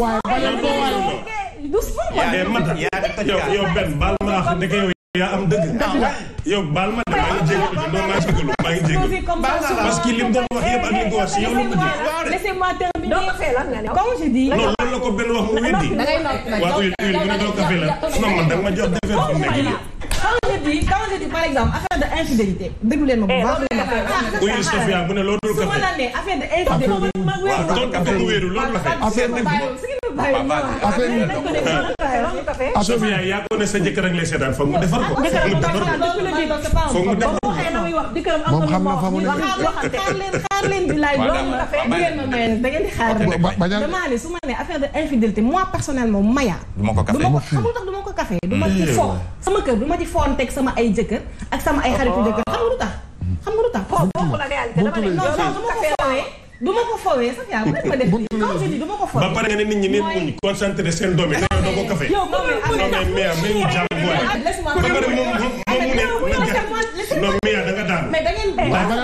waaye bala boo waay du sport yow yow benn baal ma wax ndeke yow yaa am dëgg. yow baal ma de maa ngi jégalu non maa ngi jégalu maa ngi jégalu parce que li mu doon wax yëpp ak li mu wax si yow la ko déglu. laissez-moi terminer. comme je dis. non loolu la ko benn wax mu weddi. da ngay noppi nag waaw huile huile mu ne doo café la non man da nga ma jox defar fu mu nekk quand je dis quand je dis par exemple affaire de infidélité déglu leen ma bu baax. oui Sophia mu ne loolu dul café su ma la nee affaire de infidélité. waaw loolu café bu wéeru loolu la fay. affaire bi affaire bi Sophia yaa ko ne sa jëkkër ak lay seetaan foog mu defar ko. foog mu defar ko. muy wax jëkkëram am na lu mu wax ñu waxante xaar leen xaar leen bi laay loolu la fee di leen ma mayoon da ngeen di xaar damaa ne su ma ne affaire de infidélité moi personnellement maya du ma ko xamul tax du ma ko café du ma ci mm. foo sama kër du ma ci foon teg sama ay jëkkër ak sama ay xaritu jëkkër ah. xam nga lu tax xam nga lu tax bokkul ak réalité dama ne non non du ma ko foowee du ma ko foowee sax yaa bu ma def comme je dis du ma ko foowee ba pare nga ne nit ñi neen muñ concentré seen doom yi doo ko café yow mais mais mais mu jàmm boole ba pare moom non Mia da nga daan. mais da ngeen daan waaw ba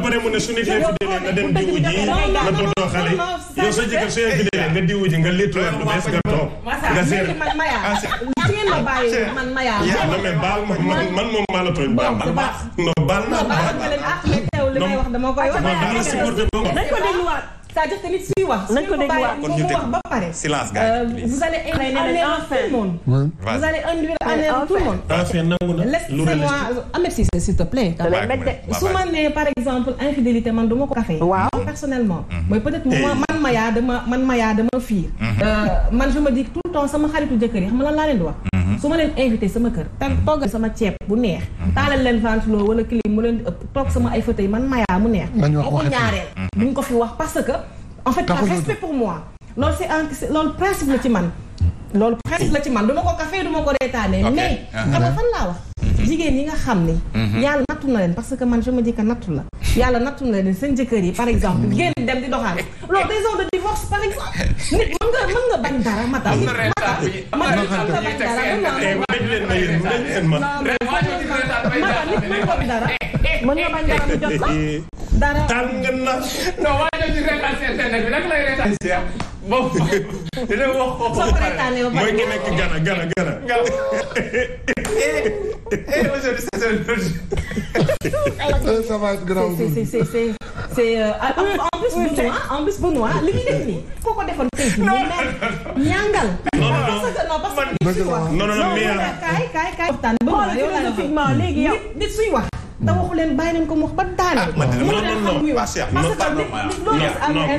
pare mu ne su nit infidélité nga dem diwu ji nga tontoo xale yow sa jëkkër su infidélité nga diwu ji nga léttu lu bees nga toog nga seet ngeen ma bàyyi man ma yaa non mais baal ma man moom maa la tooñ baal baax non baal naa baal nga leen ak mais teew li may wax dama koy wax nañ ko dégluwaat c'est-à-dire tamit suy wax nañ ko dégluwaat kon ñu teg wax ba pare silence gars euh, vous allez enlever tout le monde vous allez enlever tout le monde enfin nangu na laissez-moi Ahmed Cissé s'il te plaît su ma nee par exemple infidélité man duma ko café waaw personnellement mooy mhm. peut-être man ma yaa dama man ma yaa dama fiir mhm. euh, man je me dis tout le temps sama xaritu jëkkër yi xam nga lan laa leen di wax su ma leen invité sama kër te toggal sama ceeb bu neex taalal leen ventiloo wala clim mu leen ëpp toog sama ay fauteuil man mayaa mu neex boo ko ñaareel duñ ko fi wax parce que en fait par respect pour moi loolu c'est un loolu principe la ci man loolu principe la ci man duma ko café duma ko reetaanee mais ah, xam ah. fan laa wax jigéen yi nga xam ni mhm. yàlla nattu na leen parce que man je me dis que nattu la yàlla nattu na leen seen jëkkër yi par exemple mhm. génn dem di doxaan loolu divorce par exemple. nit mën nga mën nga bañ dara Matar. am na reetaan bi am na reetaan bi ñuy teg seen kese bañ leen ma yéen bañ leen ma. Matar nit mën nga bañ dara. mën nga bañ dara mu jot la. dara tànn ngeen na. non waa jooju reetaan si internet bi naka lay reetaan si ah. boobu dina wax ko. soo ko reetaanee ba pare mooy ki nekk gana gana gana. eh eh aujourd'hui c'est en plus Benoît li muy def nii koo ko defoon tey jii. non ñàngal. non non parce que non non non kaay kaay kaay. waxtaan Benoît yow laa la wax nit suy wax. te waxu leen bàyyi leen ko mu wax ba daaneel. ah man de non non non pas Cheikh non pas normal ah non mais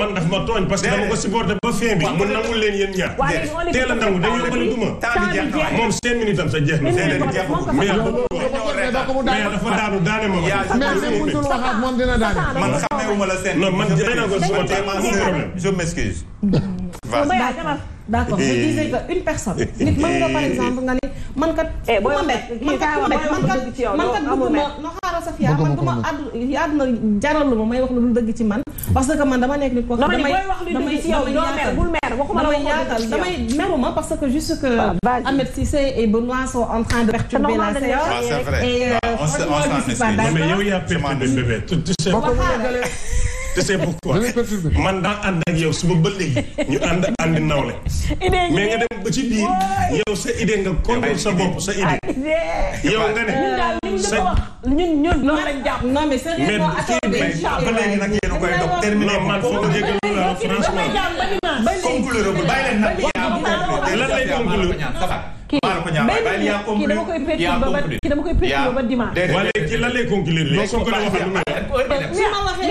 man daf ma tooñ parce que dama ko supporté ba fin bi. mu nangul leen yéen ñaar. teel a nangu dañoo bëri duma. moom cinq minutes am sa jeex na. mais dafa daanu daane ma ma. mais musul waxaat moom dina daane. man xamewuma la seen. non man jëlee naa ko suma problème je m'excuse. d' accord je disais que une personne. nit mën nga par exemple nga ni man kat. Eh, booy wax man kat man kat man kat bëgguma no xaaral sa fiyaa man duma àddu àdduna jaralu ma may wax lu dul dëgg ci man. Mm. parce que man dama nekk nit koo xam damay damay damay yaatal damay meruma parce que juste que. Ahmed Cissé et Benoît sont en train de perturber la séance. Ah, et euh, on ne se on s'en excuse mais yow yaa perturbé bébé. te c'est pourquoi man daa ànd ak yow suba ba léegi ñu ànd àndi nawle mais nga dem ba ci biir yow sa idée nga contre sa bopp sa ah, idée yow nga ne sa ñun ñun loolu lañ jàpp non mais sérieusement ba léegi nag yéen a koy dox terminé man foo ko jégal la franchement conclure bàyyi leen nag lan lay conclure kii kii dama koy perturbé ba kii dama koy perturbé ba dimanche. wala kii lan lay conclure léegi soo ko waxee lu mel.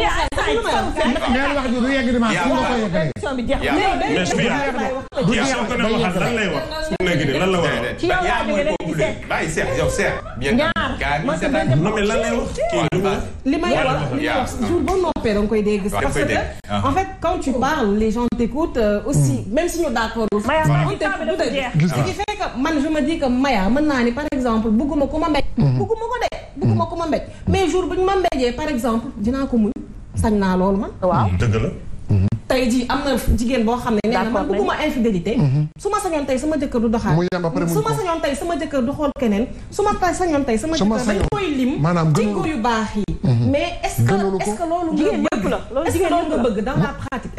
ñaari wax ji du yegg dimanche nga ko yeggalee. mais bii yaa ko ne waxal lan lay wax. su mu nekk de lan la war a wax. yaa mooy complet bàyyi seet yow seet. ñaar ma sa benn non mais lan lay wax. li may wax li may wax jour boo noppee da nga koy dégg. parce que en fait quand tu parles les gens t'écoutent aussi même si ñu d'accord. on t'écoute ce qui fait que man je me dis que Maya mën naa ni par exemple bëgguma ko ma mbéj. bëgguma ko de. bëgguma ko ma mbéj mais jour bu ñu ma mbéjee par exemple dinaa ko muñ. sañ naa loolu ma waaw mm-hmm. dëgg la mm-hmm. tey jii am na jigéen boo xam ne nee na man bëgguma infidélité mm-hmm. su ma sañoon sama jëkkër du doxaan su ma sañoon tey sama jëkkër du xool keneen su ma sañoon tey sama jëkkër dañ koy lim jikko yu baax yi mais est-ce que est-ce que loolu jigéen yëpp la loolu jigéen yëpp nga bëgg dans la pratique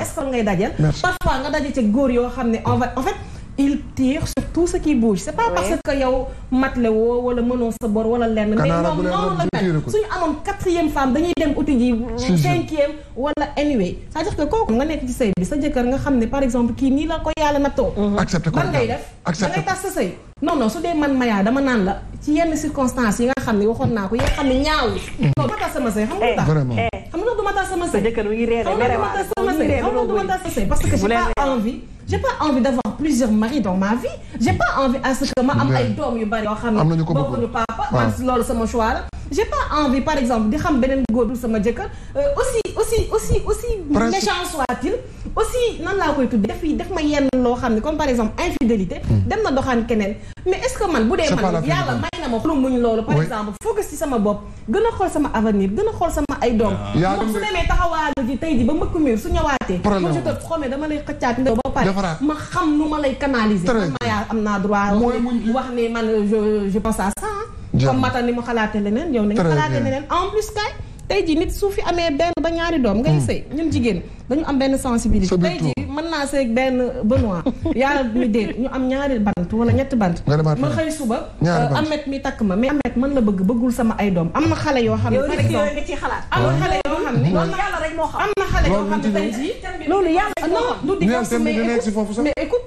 est-ce que ngay dajal parfois nga dajal ci góor yoo xam ne en fait il tire tout sa kii bouge c'est pas parce que yow matle woo wala mënoo sa bor wala lenn mais ñoom noonu la mel suñu amoon quatrième femme dañuy dem uti ji cinquième wala anyway c'est-à-dire que kooku nga nekk ci sëy bi sa jëkkër nga xam ne par exemple kii nii la ko yàlla nattoo accepté ko ban ngay def da ngay tas sa sëy non non su dee man mayaa dama naan la ci yenn circonstances yi nga xam ne waxoon naa ko yi nga xam ne m mm. non du ma tas sama sëy xam nga vraiment eh, eh. xam nga du ma tas sama sëy. dëkk bi xam nga du ma tas sama sëy xam nga du ma tas sama sëy parce que j'ai pas envie j'ai pas envie d'avoir plusieurs maris dans ma vie j'ai pas envie à ce que doom yu bari yoo xam ne bokkuñu papa man loolu sama choix la j'ai pas envie par exemple di xam beneen góor du sama jëkkër euh, aussi aussi aussi aussi méchant soit-il aussi nan laa koy tuddee daf daf ma yenn loo xam ne comme par exemple infidélité hmm. dem na doxaan keneen mais est man bu dee man yàlla may na ma xolu muñ loolu a xool sama a xool sama ay ah. ji tey ji ba mbëkk miir su ñëwaatee ma je te promets dama lay xëccaat nga ba pare ma xam nu yaa am naa droit wax ne man je pense à comme mata ni mu xalaate leneen yow ni nga xalaate leneen en plus kay tey jii nit su fi amee benn ba ñaari doom ngay hmm. sëy ñun jigéen dañu am benn sensibilité tey jii mën naa sëy benn Benoît yàlla ñu déet ñu am ñaari bant wala ñetti bant ma xëy suba amet euh, mi takk ma mais amet man la bëgg bëggul sama ay doom am na xale yoo xam ne nga ciy xalaat am na xale yoo xam ne yàlla rek moo xam am na xale yoo xam ne tey jii loolu yàlla non du divorce mais écoute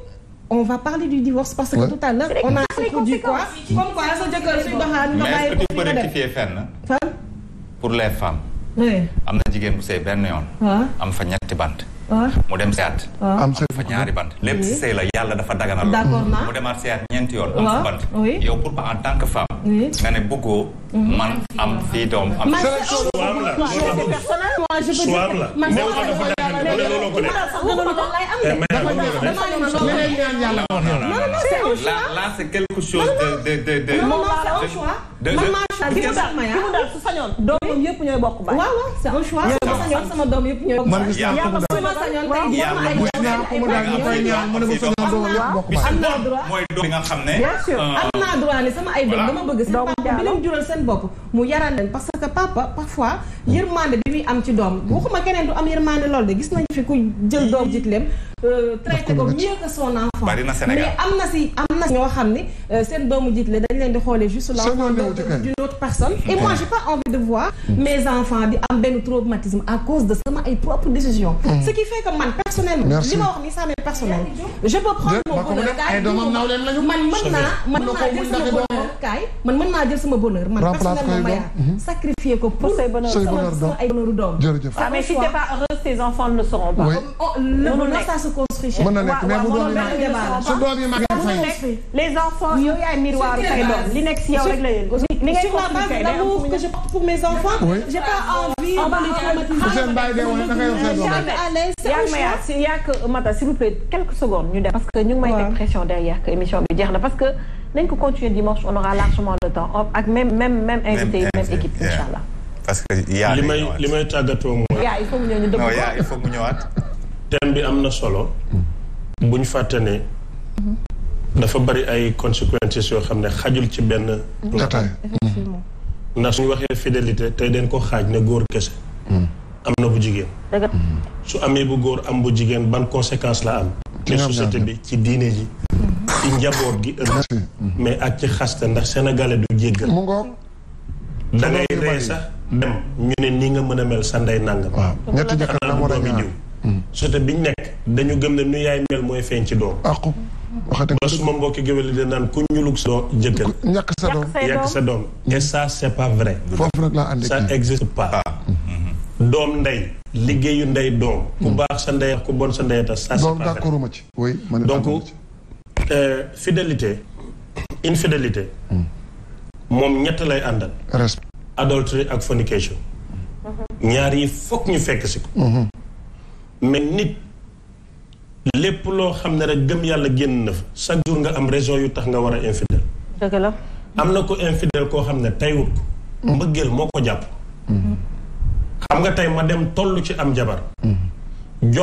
on va parler du divorce parce que tout à l'heure on a introduit quoi comme quoi sa jëkkër suy pour les femmes. am na jigéen bu sëy benn yoon. am fa ñetti bant. mu dem seet. am fa ñaari bant lépp si sëy la yàlla dafa daganal. d'accord naa mu demaat seet ñeenti yoon. am fa bant yow pour en tant que femme. nga ne man am fii doom am. man c' est non non non c'est un choix là là c'est quelque chose de de de non non c'est un choix. man maa choix ki mu daal ki mu daal su sama doom yëpp ñooy bokk baay. yàlla ko sama doom yëpp doom bi nga xam ne. sama doom dama bëgg seen papa bi mu yaral leen parce que papa parfois yërmande bi muy am ci doom waxuma keneen du am yërmande lool de gis nañu fi ku jël doom jiit Euh, traité ko mieux que son enfant bari na Sénégal mais am na si am na si ñoo xam euh, ne autre personne et moi j'ai pas envie de voir mm. mes enfants di traumatisme à cause de sama ay propres décisions mm. ce qui fait que man personnellement li ma wax ni je peux prendre mon bonheur kaay man mën naa man mën naa jël sama bonheur kaay man mën naa jël sama bonheur man personnellement maya mm-hmm. sacrifier ko pour say bonheur sama ay bonheuru doom jërëjëf ah, mais si t'es pas heureuse construit chez mën na nekk mais bu doom yi màggee su doom yi màggee fay les enfants yow yaay miroir say doom li nekk si yow rek la yéen sur la base d'amour que je porte pour mes enfants j'ai pas envie ah, de les traumatiser ah, Mata s'il vous plaît quelques secondes ñu dem parce que ñu ngi may teg pression derrière que émission bi jeex na parce que nañ ko continuer dimanche on aura largement le temps ak même même même invité yi même équipe incha allah parce que yaa li may li may tàggatoo mooy yaa il faut mu ñëwaat thème bi am na solo. bu ñu fàtte ne. dafa bari ay conséquences yoo xam ne xajul ci benn. gataay mm. mm. ndax suñu waxee fidélité tey den ko xaaj ne góor kese. Mm. am na bu jigéen. su amee bu góor am bu jigéen ban conséquence la am. ci société bi ci diine ji. Mm-hmm. ci njaboot gi ëllëg. mais ak ci xaste ndax sénégalais du jéggal. mu ngoog. da ngay rey sax dem ñu ne nii nga mën a mel sa ndey nangam. waaw ñetti jëkkër la moo société bi ñu nekk dañu gëm ne nu yaay mel mooy feeñ ci doom aqu waxate ba suma mbokki géwél yi naan ku ñulug sa doom jëkkër ñàkk sa doom ñàkk sa doom et ça c' est pas vrai foofu rek laa andi ça existe pas ah. doom ndey mm. sa ndey ku bon sa ndey ta ma ci oui donc euh, fidélité infidélité mm. moom ñett lay àndal adultery ak fornication mm-hmm. ñaar yi foog ñu fekk si ko mm-hmm. mais nit lépp loo xam ne rek gëm yàlla génn na fa chaque jour nga am raison yu tax nga war a infidèle. dëgg am na ko infidèle koo xam ne tey tayut ko. Mm-hmm. mbëggeel moo ko jàpp. Mm-hmm. xam nga tey ma dem toll ci am jabar. Mm-hmm. jox